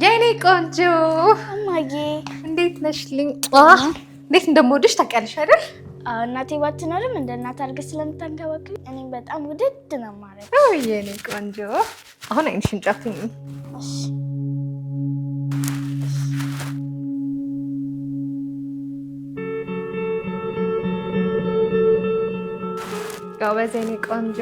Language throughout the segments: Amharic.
የኔ ቆንጆ እማዬ እንዴት ነሽልኝ? እንዴት እንደምወድሽ ታውቂያለሽ አይደል? እናቴ ባትኖርም እንደ እናት አድርገሽ ስለምታንከባክቢ እኔም በጣም ውድድ ነው ማለት ነው። የኔ ቆንጆ አሁን ዓይንሽን ጨፍኝ። ጎበዝ የኔ ቆንጆ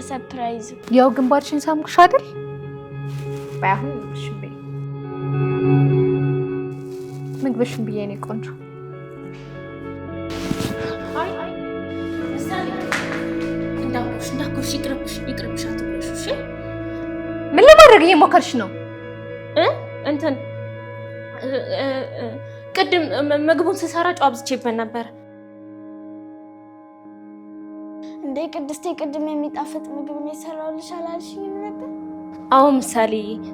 ለሰርፕራይዝ ያው ግንባርሽን ሳምኩሽ አይደል? ባይሆን ምግብሽን ምግብሽን ብዬ ነው ቆንጆ ምን ለማድረግ እየሞከርሽ ነው? እንትን ቅድም ምግቡን ስሰራ ጨው አብዝቼበት ነበር? ቅድስቴ ቅድም የሚጣፍጥ ምግብ ነው የሰራሁልሽ አላልሽኝም ነበር? አዎ ምሳሌ፣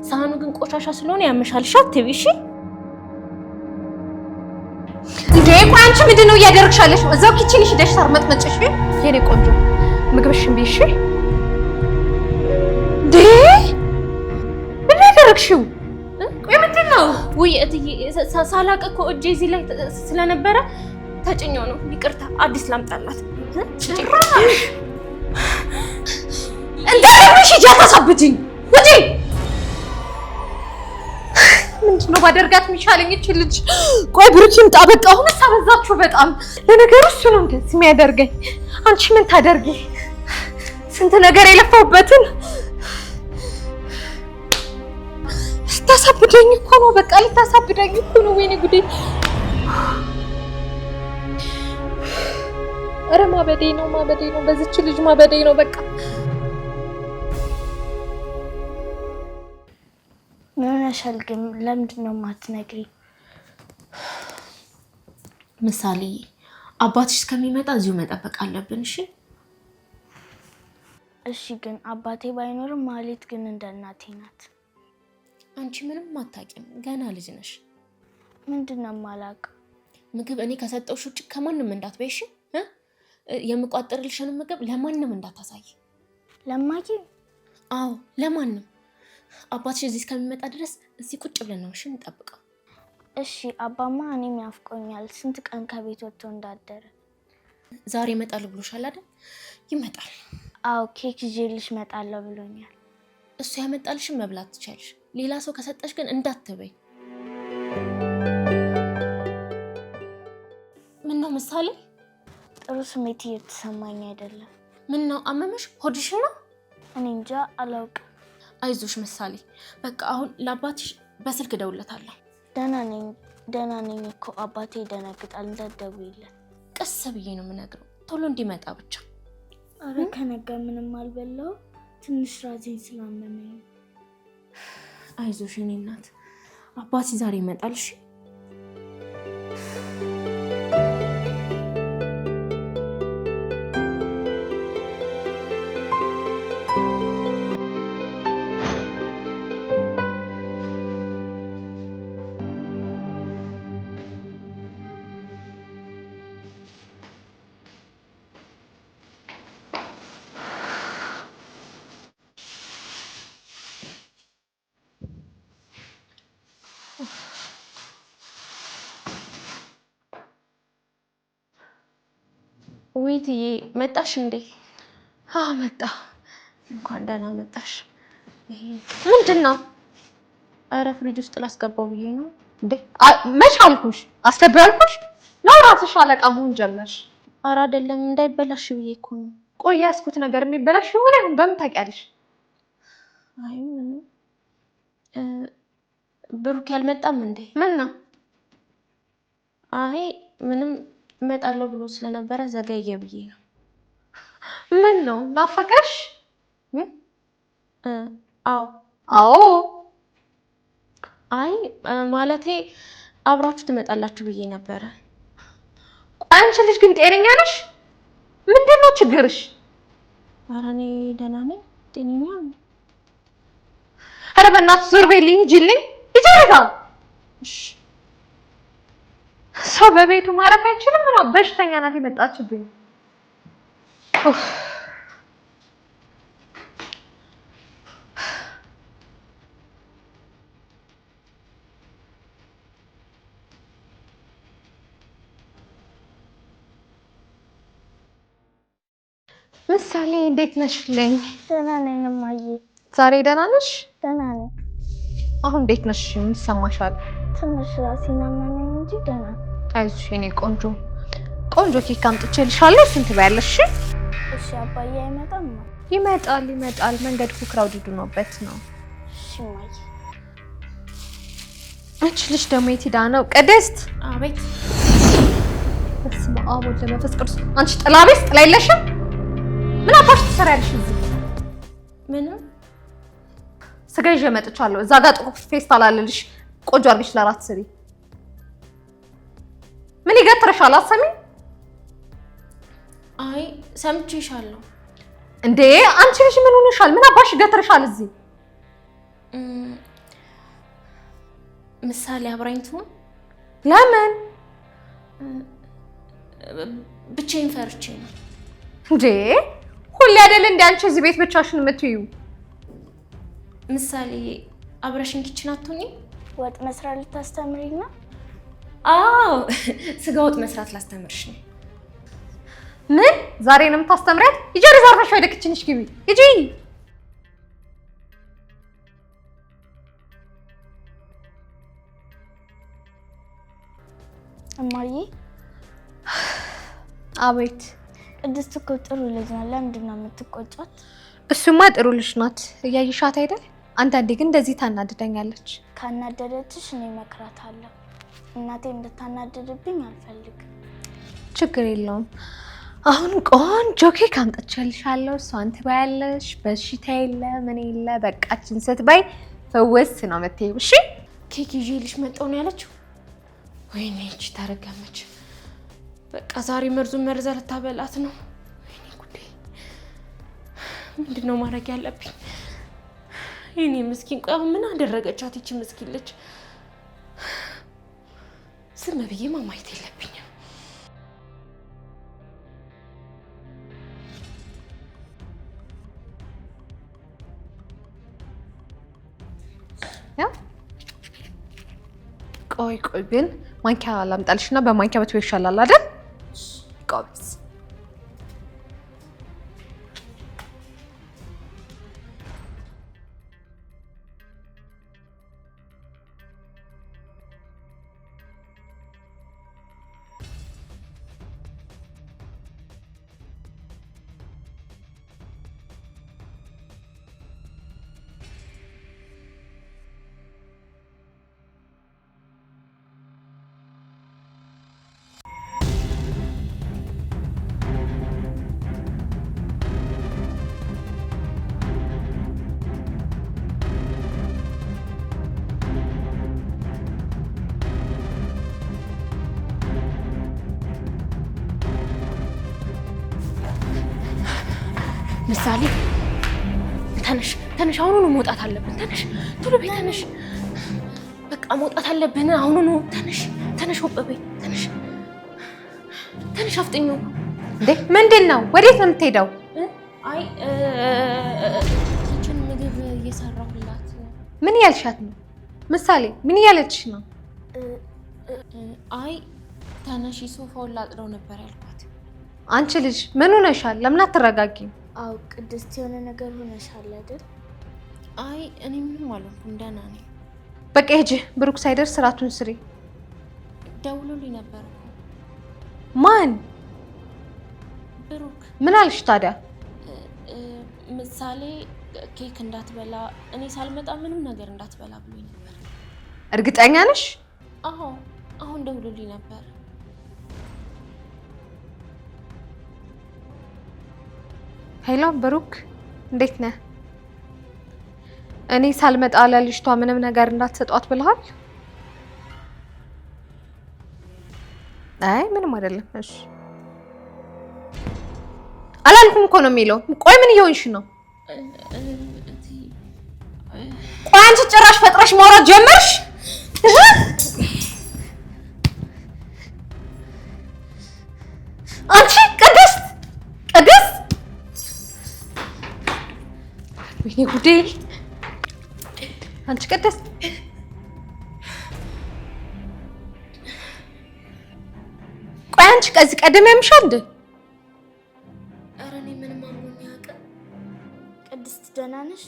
ሳህኑ ግን ቆሻሻ ስለሆነ ያመሻል። ሻት እሺ እንዴ! ቆይ አንቺ ምንድን ነው እያደረግሻለሽ? እዛው ኪችንሽ ሂደሽ ታርመጥመጭሽ። የኔ ቆንጆ ምግብሽን ቢሺ እንዴ! ምን ያደረግሽው? ቆይ ምንድን ነው? ውይ እትዬ፣ ሳላቅ እኮ እጄ እዚህ ላይ ስለነበረ ተጭኛው ነው። ይቅርታ፣ አዲስ ላምጣላት ጭራሽ እንዴ አብርሽ ሂጂ፣ አታሳብጂኝ። ውጪ! ምንድን ነው ባደርጋት የሚሻለኝ? እች ልጅ ቆይ ብሩክ ይምጣ። በቃ አሁንስ አበዛችሁ በጣም። ለነገሩ እሱ ነው እንደዚህ የሚያደርገኝ። አንቺ ምን ታደርጊ? ስንት ነገር የለፋሁበትን ልታሳብደኝ እኮ ነው። በቃ ልታሳብደኝ እኮ ነው። ወይኔ ጉዴ! ኧረ ማበዴ ነው፣ ማበዴ ነው፣ በዚች ልጅ ማበዴ ነው። በቃ ምን አሸልግም? ለምንድን ነው የማትነግሪ? ምሳሌ አባትሽ እስከሚመጣ እዚሁ መጠበቅ አለብን። እሺ እሺ። ግን አባቴ ባይኖርም ማሌት ግን እንደ እናቴ ናት። አንቺ ምንም አታውቂም፣ ገና ልጅ ነሽ። ምንድን ነው የማላውቅ? ምግብ እኔ ከሰጠሁሽ ውጭ ከማንም እንዳትበይሽ። የምቋጥርልሽን ምግብ ለማንም እንዳታሳይ። ለማኪ? አዎ ለማንም አባትሽ እዚህ እስከሚመጣ ድረስ እዚህ ቁጭ ብለን ነው እሺ እንጠብቀው። እሺ አባማ፣ እኔም ያፍቆኛል። ስንት ቀን ከቤት ወጥቶ እንዳደረ። ዛሬ ይመጣል ብሎሻል አይደል? ይመጣል። አዎ፣ ኬክ ይዤልሽ እመጣለሁ ብሎኛል። እሱ ያመጣልሽን መብላት ትቻለሽ። ሌላ ሰው ከሰጠሽ ግን እንዳትበይ። ምን ነው ምሳሌ፣ ጥሩ ስሜት እየተሰማኝ አይደለም። ምን ነው አመመሽ? ሆድሽ ነው? እኔ እንጃ አላውቅም። አይዞሽ ምሳሌ፣ በቃ አሁን ለአባትሽ በስልክ እደውልለታለሁ። ደህና ነኝ ደህና ነኝ እኮ አባቴ ይደነግጣል፣ እንዳትደውይለት። ቀስ ብዬ ነው የምነግረው፣ ቶሎ እንዲመጣ ብቻ። አረ ከነጋ ምንም አልበላው፣ ትንሽ ራዜን ስላመመኝ። አይዞሽ እኔ እናት፣ አባቴ ዛሬ ይመጣል። እሺ እሜትዬ መጣሽ እንዴ? አዎ መጣ። እንኳን ደህና መጣሽ። ይሄ ምንድን ነው? ኧረ ፍሪጅ ውስጥ ላስገባው ብዬ ነው። እንዴ መች አልኩሽ? አስገቢው አልኩሽ ነው። ራስሽ አለቃ መሆን ጀመርሽ። ኧረ አይደለም እንዳይበላሽ ብዬ እኮ ነው። ቆይ ያዝኩት ነገር የሚበላሽ የሆነ አሁን በምን ታውቂያለሽ? አይ ብሩክ ያልመጣም እንዴ? ምን ነው? አይ ምንም እመጣለሁ ብሎ ስለነበረ ዘገየ ብዬ ነው። ምን ነው ናፈቀሽ? አዎ አዎ። አይ ማለቴ አብራችሁ ትመጣላችሁ ብዬ ነበረ። ቆይ አንቺ ልጅ ግን ጤነኛ ነሽ? ምንድን ነው ችግርሽ? ኧረ እኔ ደህና ነኝ፣ ጤነኛ ነኝ። ኧረ በእናትሽ ዞር በይልኝ፣ ሂጂልኝ፣ እሷ በቤቱ ማረፍ አይችልም ነው። በሽተኛ ናት የመጣችብኝ። ምሳሌ እንዴት ነሽልኝ? ደህና ነኝ እማዬ። ዛሬ ደህና ነሽ? ደህና ነኝ። አሁን እንዴት ነሽ? ምን ይሰማሻል? ትንሽ ራሴን አመመኝ እንጂ ደህና አይዞሽ የኔ ቆንጆ ቆንጆ ኬክ አምጥቼልሻለሁ። ስንት ትበያለሽ። እሺ አባዬ አይመጣም? ይመጣል ይመጣል። መንገድ እኮ ክራውድድ ሆኖበት ነው። እሺ ማይ አንቺ ልጅ ደግሞ የት ሄዳ ነው? ቅድስት አቤት። በስመ አብ ወወልድ ወመንፈስ ቅዱስ። አንቺ ጥላ ቤት ጥላ የለሽም። ምን አባሽ ትሰሪያለሽ እዚህ? ምንም ስጋ ይዤ መጥቻለሁ። እዛ ጋር ጥቁር ፌስታል አለልሽ። ቆንጆ አድርገሽ ለራት ስሪ ምን ይገትርሻል? አሰሚኝ። አይ ሰምቼሻለሁ። እንዴ አንቺ ልጅ ምን ሆነሻል? ምን አባሽ ይገትርሻል? እዚህ ምሳሌ አብራኝ ትሆን? ለምን ብቻዬን ፈርቼ ነው። እንዴ ሁሌ አይደል እንደ አንቺ እዚህ ቤት ብቻሽን የምትዩ? ምሳሌ አብረሽን ኪችን አትሆኚ? ወጥ መስራት ልታስተምሪኝ ነው? አዎ ስጋ ወጥ መስራት ላስተምርሽ ነው። ምን ዛሬ ነው የምታስተምሪያት? ይጀሪ ዛርፈሽ ወደ ክችንሽ ግቢ ይጂ። እማዬ አቤት። ቅድስት እኮ ጥሩ ልጅ ናት። ለምንድን ነው የምትቆጫት? እሱማ ጥሩ ልጅ ናት። እያየሻት አይደል? አንዳንዴ ግን እንደዚህ ታናድደኛለች። ካናደደችሽ እኔ እመክራታለሁ። እናቴ እንድታናድድብኝ አልፈልግም። ችግር የለውም። አሁን ቆንጆ ኬክ አምጥቼልሻለሁ። እሷን ትበያለሽ። በሽታ የለ ምን የለ በቃችን ባይ ፈወስ ነው የምትይው። እሺ ኬክ ይዤልሽ መጣሁ ነው ያለችው። ወይኔ ይቺ ተረገመች። በቃ ዛሬ መርዙን መርዛ ልታበላት ነው። ወይኔ ጉዴ! ምንድን ነው ማድረግ ያለብኝ? ይኔ ምስኪን ቆይ ምን አደረገቻት ይቺ ምስኪን ልጅ? ዝም ብዬ ማማየት የለብኝም። ቆይ ቆይ ግን ማንኪያ ላምጣልሽ እና በማንኪያ በትወሻ ላል አይደል? ምሳሌ ተነሽ፣ ተነሽ፣ አሁኑኑ መውጣት አለብን። ተነሽ፣ ቶሎ ቤት ተነሽ። በቃ መውጣት አለብን አሁኑኑ። ተነሽ፣ ተነሽ፣ ሆበ በይ፣ ተነሽ፣ ተነሽ፣ አፍጥኙ። እንዴ ምንድን ነው? ወዴት ነው የምትሄደው? አይ ኪችን ምግብ እየሰራሁላት። ምን እያልሻት ነው ምሳሌ? ምን እያለችሽ ነው? አይ ተነሽ፣ ሶፋውን ላጥለው ነበር ያልኳት። አንቺ ልጅ ምን ሆነሻል? ለምን አትረጋጊም? አው ቅድስት የሆነ ነገር ሆነሻል አይደል? አይ እኔ ምንም አልሆንኩም፣ ደህና ነኝ። በቃ ሂጂ፣ ብሩክ ሳይደርስ ስራቱን ስሪ። ደውሎልኝ ነበር። ማን? ብሩክ። ምን አልሽ ታዲያ? ምሳሌ ኬክ እንዳትበላ፣ እኔ ሳልመጣ ምንም ነገር እንዳትበላ ብሎኝ ነበር። እርግጠኛ ነሽ? አዎ፣ አሁን ደውሎልኝ ነበር። ሄሎ ብሩክ፣ እንዴት ነህ? እኔ ሳልመጣ ለልጅቷ ምንም ነገር እንዳትሰጧት ብለሃል? አይ ምንም አይደለም። እሺ አላልኩም እኮ ነው የሚለው። ቆይ ምን እየሆንሽ ነው? ቆይ አንቺ ጭራሽ ፈጥረሽ ማውራት ጀመርሽ? አንቺ ወይኔ ጉዴ! አንቺ ቅድስት ቆይ አንቺ ከዚህ ቀደም ያምሻል ኧረ እኔ ምንም አሞኝ አያውቅም። ቅድስት ደህና ነሽ?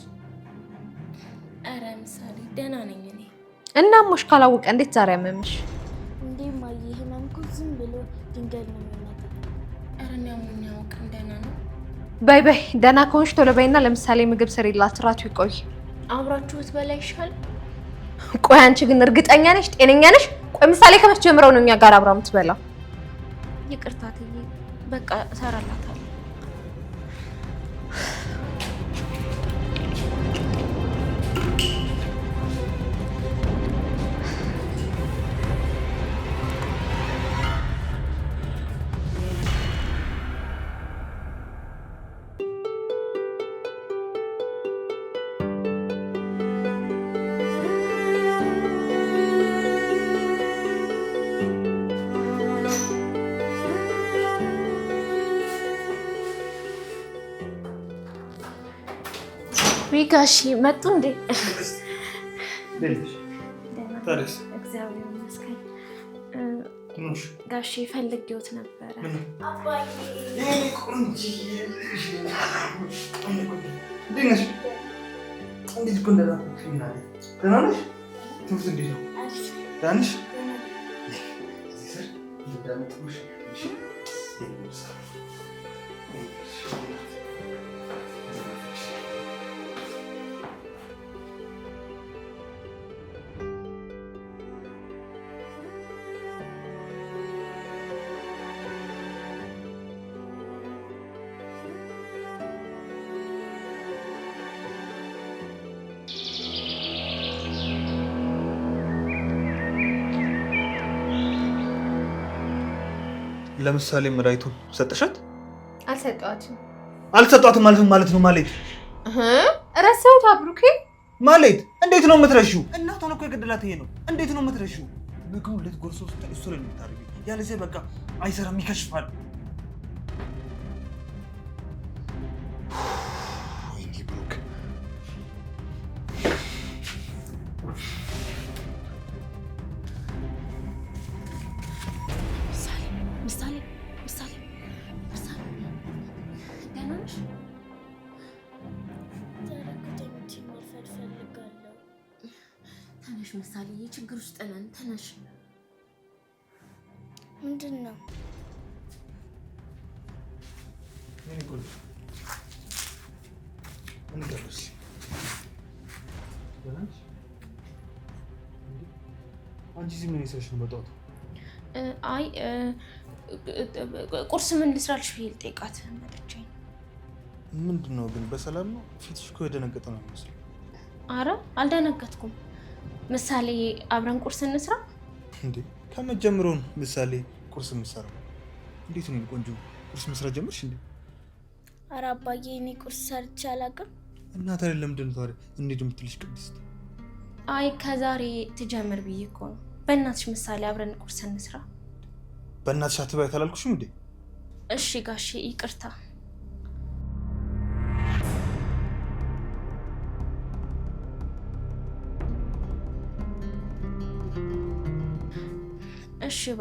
ኧረ ምሳሌ ደህና ነኝ እኔ። እና አሞሽ ካላወቀ እንዴት ዛሬ አመምሽ? እንዴ ዝም ብሎ ድንገት ነው የሚመጣው። ኧረ እኔ አሞኝ በይ በይ ደህና ከሆንሽ ቶሎ በይና ለምሳሌ ምግብ ስሪላት፣ እራቱ ይቆይ። አብራችሁት በላ ይሻል። ቆይ አንቺ ግን እርግጠኛ ነሽ? ጤነኛ ነሽ? ቆይ ምሳሌ ከመቼ ጀምረው ነው እኛ ጋር አብራ የምትበላው? ይቅርታ እትዬ፣ በቃ እሰራላት ጋሺ መጡ እንዴ? ጋሺ ፈልጌዎት ነበረ። ትምህርት ለምሳሌ መድኃኒቱን ሰጠሻት? አልሰጠዋትም። አልሰጧትም ማለት ማለት ነው ማለት ረሰውት አብሩኬ ማለት እንዴት ነው የምትረሺው? እናቷን እኮ የገደላት ይሄ ነው። እንዴት ነው የምትረሺው? ምግቡን ልትጎርሰው ስትል እሱ ላይ ነው የምታደርጊው። ያለዚያ በቃ አይሰራም፣ ይከሽፋል። ውስጥ ነን። ተነሽ። ምንድን ነው? አንቺ እዚህ ምን ይሰሽ ነው መጣሁት? አይ ቁርስ ምን ልስራልሽ ብዬ ልጠይቃት መጥቼ። ምንድን ነው ግን በሰላም ነው? ፊትሽ እኮ የደነገጠ ነው የሚመስለው። አረ አልደነገጥኩም። ምሳሌ አብረን ቁርስ እንስራ እንዴ? ከመጀመሩን ምሳሌ ቁርስ የምሰራው እንዴት ነው? ቆንጆ ቁርስ መስራት ጀመርሽ እንዴ? ኧረ አባዬ እኔ ቁርስ ሰርቼ አላውቅም። እና ታዲያ ለምንድን ነው ታዲያ እንሂድ የምትልሽ ቅድስት? አይ ከዛሬ ትጀምር ብዬ እኮ ነው። በእናትሽ ምሳሌ አብረን ቁርስ እንስራ። በእናትሽ አትበይ ተላልኩሽም እንዴ? እሺ ጋሼ ይቅርታ።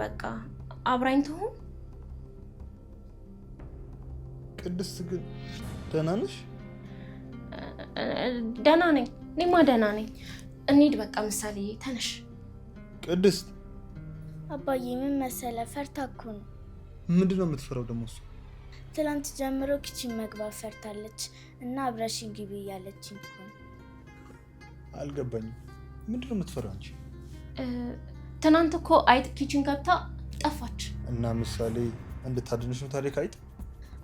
በቃ አብራኝ ትሁን። ቅድስት ግን ደህና ነሽ? ደህና ነኝ። እኔማ ደህና ነኝ። እንሂድ በቃ ምሳሌ፣ ተነሽ። ቅድስት አባዬ፣ ምን መሰለ፣ ፈርታ እኮ ነው። ምንድን ነው የምትፈራው ደግሞ? እሱ ትላንት ጀምሮ ኪችን መግባት ፈርታለች እና አብረሽኝ ግቢ እያለች እኮ ነው። አልገባኝም። ምንድን ነው የምትፈራው አንቺ? ትናንት እኮ አይጥ ኪችን ገብታ ጠፋች እና ምሳሌ እንድታድንሽ ነው። ታሪክ አይጥ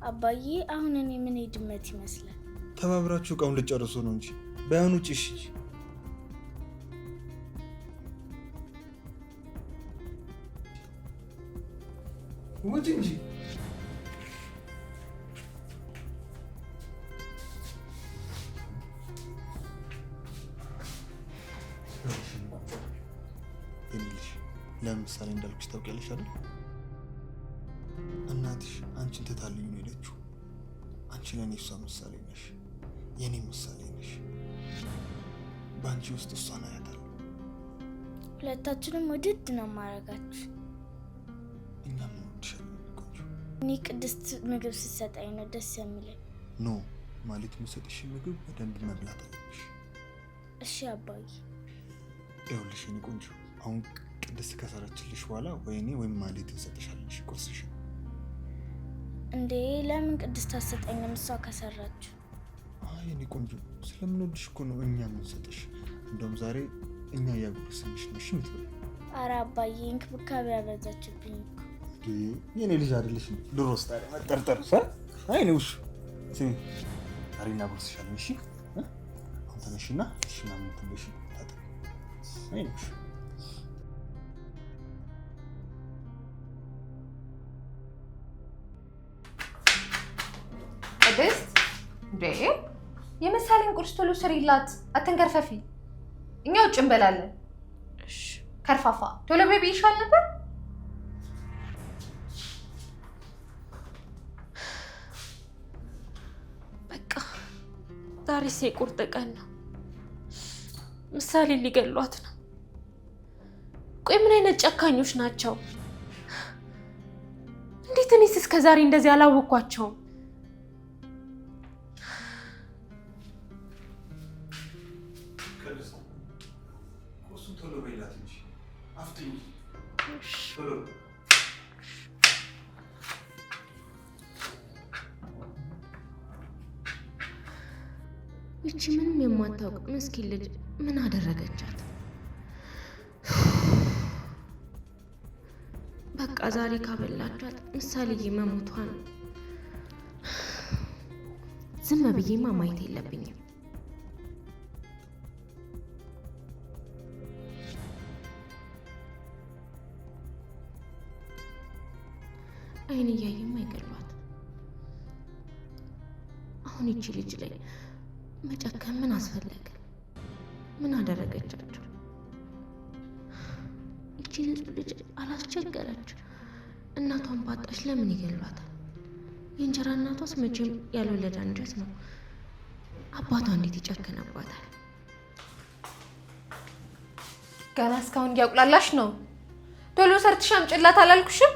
አባዬ፣ አሁን እኔ ምን ድመት ይመስላል? ተባብራችሁ እቃውን ልጨርሱ ነው እንጂ ባይሆን ውጭ እሺ። ውጭ እንጂ ለምሳሌ እንዳልኩሽ ታውቂያለሽ አይደል? እናትሽ አንቺን ትታልኝ ነው ሄደችው። አንቺ ለእኔ እሷ ምሳሌ ነሽ፣ የእኔ ምሳሌ ነሽ። በአንቺ ውስጥ እሷን አያታለሁ። ሁለታችንም ውድድ ነው ማረጋችሁ። እኛም እንወድሻለን ቆንጆ። እኔ ቅድስት ምግብ ስትሰጠኝ ነው ደስ የሚለኝ። ኖ ማለት የምሰጥሽ ምግብ በደንብ መብላት አለብሽ። እሺ አባዬ። ይኸውልሽ የእኔ ቆንጆ አሁን ቅድስት ከሰረችልሽ በኋላ ወይኔ ወይም ማሌት ትሰጥሻለሽ ቁርስሽ። እንዴ ለምን ቅድስት አትሰጠኝም? እሷ ከሰራችሁ። አይ እኔ ቆንጆ ስለምንወድሽ እኮ ነው እኛ የምንሰጥሽ። እንደውም ዛሬ እኛ እያጎረስንሽ ነሽ ምትበል። ኧረ አባዬ እንክብካቤ ያበዛችብኝ። የኔ ልጅ አይደለሽ ድሮ ታዲያ መጠርጠር አይ እኔ ውሽ ዛሬ እናጎርስሻለን። እሺ አንተነሽና ሽናምንትበሽ ታጠ አይ ነሽ የምሳሌን ቁርስ ቶሎ ስሪላት፣ አትንከርፈፊ። እኛ ውጭ እንበላለን። ከርፋፋ ቶሎ ቤቢ ይሻል ነበር። በቃ ዛሬስ ቁርጥ ቀን ነው። ምሳሌ ሊገሏት ነው። ቆይ ምን አይነት ጨካኞች ናቸው? እንዴት እኔስ እስከ ዛሬ እንደዚህ አላወኳቸውም? ዛሬ ካበላቻት ምሳሌዬ መሞቷ ነው። ዝም ብዬማ ማየት የለብኝም። አይን እያየም አይገድሏት። አሁን ይቺ ልጅ ላይ መጨከም ምን አስፈለገ? ምን አደረገቻቸው? ይቺ ልጅ አላስቸገረችው። እናቷን ባጣች ለምን ይገሏታል? የእንጀራ እናቷስ መቼም ያልወለደ አንጀት ነው። አባቷ እንዴት ይጨክንባታል? ገና እስካሁን እያቁላላሽ ነው። ቶሎ ሰርተሽ አምጪላት አላልኩሽም?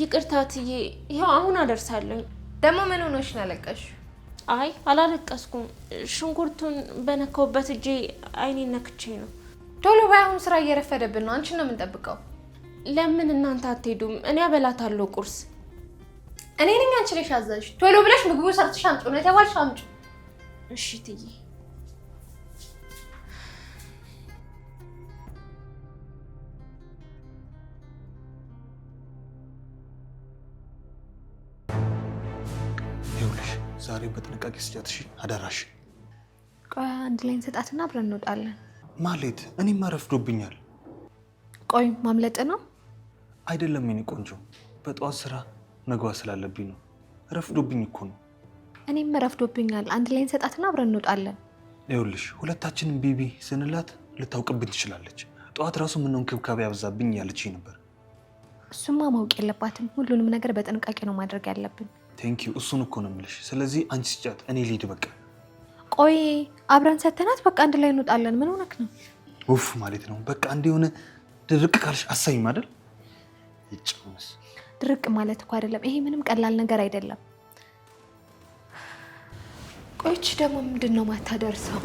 ይቅርታ ትዬ፣ ይኸው አሁን አደርሳለሁ። ደግሞ ምን ሆኖሽን አለቀሽ? አይ አላለቀስኩም። ሽንኩርቱን በነካውበት እጄ አይኔ ነክቼ ነው። ቶሎ ባይ፣ አሁን ስራ እየረፈደብን ነው። አንቺን ነው የምንጠብቀው። ለምን እናንተ አትሄዱም? እኔ አበላታለሁ ቁርስ። እኔ ነኝ አንቺ ነሽ አዛዥ። ቶሎ ብለሽ ምግቡ ሰርተሽ አምጪ። እውነት ያባልሽ አምጪ። እሺ ትዬ ይኸውልሽ፣ ዛሬ በጥንቃቄ ስጫትሽ አደራሽ። ቆይ አንድ ላይ እንሰጣትና አብረን እንወጣለን። ማለት እኔም አረፍዶብኛል። ቆይ ማምለጥ ነው። አይደለም የኔ ቆንጆ፣ በጠዋት ስራ መግባት ስላለብኝ ነው። ረፍዶብኝ እኮ ነው። እኔም ረፍዶብኛል። አንድ ላይ እንሰጣትና አብረን እንወጣለን። ይኸውልሽ ሁለታችንም ቢቢ ስንላት ልታውቅብኝ ትችላለች። ጠዋት ራሱ ምነው እንክብካቤ ያብዛብኝ ያለችኝ ነበር። እሱማ ማወቅ የለባትም። ሁሉንም ነገር በጥንቃቄ ነው ማድረግ ያለብን። ቴንኪዩ። እሱን እኮ ነው የምልሽ። ስለዚህ አንቺ ስጫት፣ እኔ ልሂድ በቃ። ቆይ አብረን ሰተናት በቃ አንድ ላይ እንወጣለን። ምን ሆነክ ነው? ውፍ ማለት ነው በቃ እንዲሆነ ድርቅ ካልሽ አሳይም አይደል ይጨምስ ድርቅ ማለት እኮ አይደለም። ይሄ ምንም ቀላል ነገር አይደለም። ቆይች ደግሞ ምንድን ነው ማታደርሰው?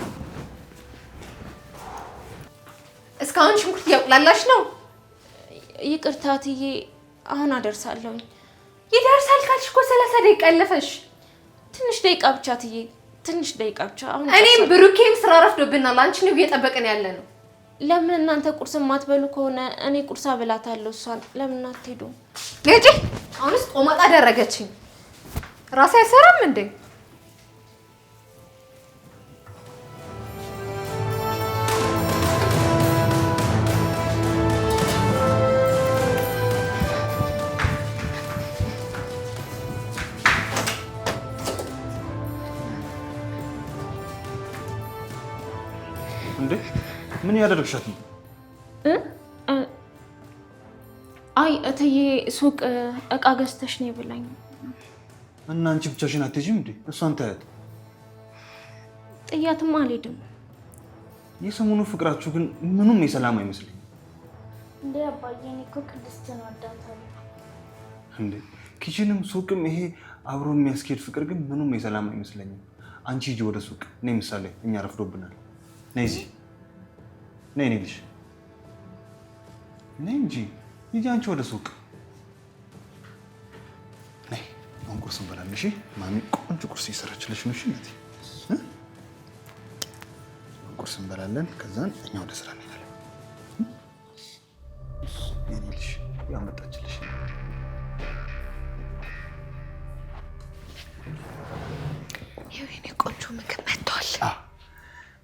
እስካሁን ሽንኩርት እያቁላላሽ ነው። ይቅርታ እትዬ፣ አሁን አደርሳለሁኝ። ይደርሳል ካልሽ እኮ ሰላሳ ደቂቃ ያለፈሽ። ትንሽ ደቂቃ ብቻ እትዬ፣ ትንሽ ደቂቃ ብቻ። አሁን እኔም ብሩኬም ስራ ረፍዶብናል። አንቺን እየጠበቅን ያለ ነው ለምን እናንተ ቁርስ የማትበሉ ከሆነ እኔ ቁርስ አብላታለሁ። እሷን ለምን አትሄዱም? ልጅ አሁንስ ቆማጣ አደረገችኝ። ራሴ አይሰራም እንዴ? ያደረግሻት ነው? አይ እትዬ ሱቅ እቃ ገዝተሽ ነው የበላኝ። እና አንቺ ብቻሽን አትሄጂም እንዴ? እሷን ታያት። ጥያትም አልሄድም። የሰሞኑ ፍቅራችሁ ግን ምኑም የሰላም አይመስለኝም። እንዴ አባዬ፣ እኔ እኮ ነው ወዳታለሁ። እንዴ ኪችንም ሱቅም ይሄ አብሮ የሚያስኬድ ፍቅር ግን ምኑም የሰላም አይመስለኝም። አንቺ ሂጂ ወደ ሱቅ፣ እኔ ምሳሌ እኛ ረፍዶብናል። ነይ እዚህ ነይ እኔ ልጅ ነይ እንጂ ሂጂ አንቺ ወደ ሱቅ ነይ። አሁን ቁርስ እንበላለን። እሺ ማሚ ቆንጆ ቁርስ እየሰራችልሽ ነው። እሺ እናቴ ቁርስ እንበላለን። ከዛን እኛ ወደ ስራ ያመጣችልሽ ቆንጆ ምግብ መጥቷል።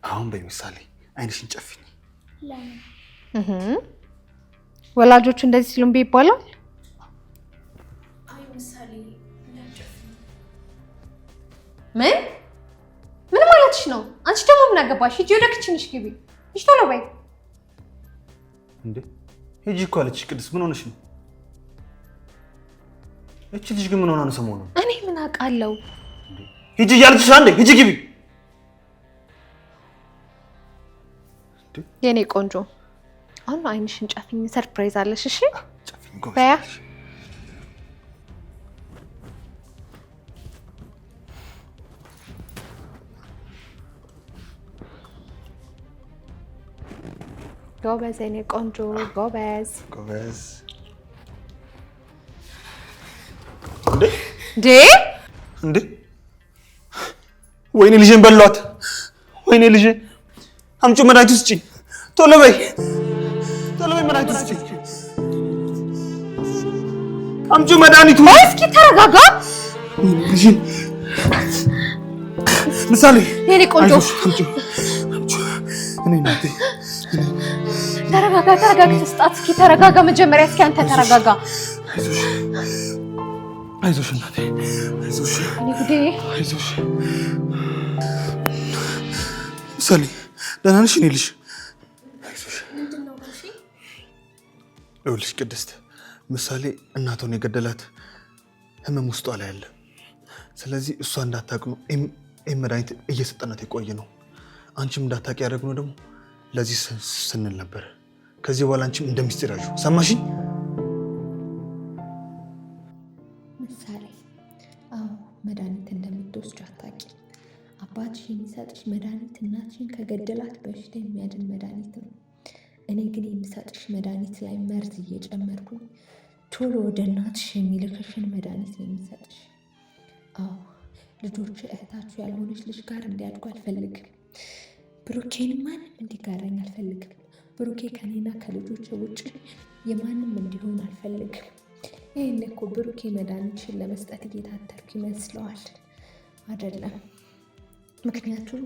አሁን በይ ምሳሌ አይንሽን ጨፍኝ ወላጆቹ እንደዚህ ሲሉ እምቢ ይባላል። ምን ምን ማለትሽ ነው? አንቺ ደግሞ ምን አገባሽ? ሂጂ ወደ ክችንሽ ግቢ። ሂጂ ቶሎ በይ። እንዴ ሂጂ እኮ አለችሽ። ቅድስት ምን ሆነሽ ነው? እቺ ልጅ ግን ምን ሆና ነው ሰሞኑን? እኔ ምን አውቃለሁ። ሂጂ እያለችሽ አንዴ ሂጂ ግቢ የኔ ቆንጆ አሁን አይንሽን ጨፍኝ፣ ሰርፕራይዝ አለሽ። እሺ በያ ጎበዝ፣ የኔ ቆንጆ ጎበዝ፣ ጎበዝ። እንዴ እንዴ! ወይኔ ልጄን በሏት! ወይኔ ልጄን አምጪ፣ መድኃኒቱ ስጪኝ፣ ቶሎ በይ፣ ቶሎ በይ፣ መድኃኒቱ ስጪኝ፣ አምጪ መድኃኒቱ። እስኪ ተረጋጋ ምሳሌ። የኔ ቆንጆ ተረጋጋ፣ ተረጋጋ፣ ስጣት። እስኪ ተረጋጋ መጀመሪያ፣ እስኪ አንተ ተረጋጋ። አይዞሽ እናቴ፣ አይዞሽ። ምሳሌ ደህና ነሽ? እኔ ልሽ ይኸውልሽ፣ ቅድስት ምሳሌ እናቷን የገደላት ህመም ውስጧ ላይ አለ። ስለዚህ እሷ እንዳታቅ ነው ይህ መድኃኒት እየሰጠናት የቆየ ነው። አንቺም እንዳታቂ ያደረግነው ደግሞ ለዚህ ስንል ነበር። ከዚህ በኋላ አንቺም እንደ ሚስጢር ያዥው። ሰማሽኝ? የምሰጥሽ መድኃኒት እናትሽን ከገደላት በሽታ የሚያድን መድኃኒት ነው። እኔ ግን የምሰጥሽ መድኃኒት ላይ መርዝ እየጨመርኩኝ ቶሎ ወደ እናትሽ የሚልክሽን መድኃኒት ነው የምሰጥሽ። አዎ ልጆች እህታችሁ ያልሆነች ልጅ ጋር እንዲያድጉ አልፈልግም። ብሩኬን ማንም እንዲጋራኝ አልፈልግም። ብሩኬ ከኔና ከልጆች ውጭ የማንም እንዲሆን አልፈልግም። ይህን እኮ ብሩኬ መድኃኒትሽን ለመስጠት እየታተርኩ ይመስለዋል አይደለም። ምክንያቱም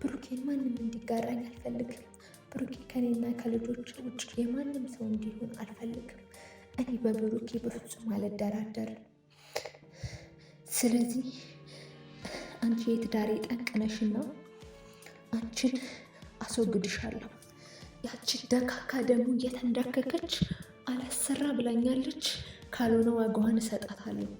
ብሩኬን ማንም እንዲጋራኝ አልፈልግም። ብሩኬ ከኔና ከልጆች ውጭ የማንም ሰው እንዲሆን አልፈልግም። እኔ በብሩኬ በፍጹም አልደራደርም። ስለዚህ አንቺ የትዳሬ ጠንቅ ነሽና አንቺን አስወግድሻለሁ። ያችን ደካካ ደግሞ እየተንዳከከች አላሰራ ብላኛለች። ካልሆነ ዋጋዋን እሰጣታለሁ።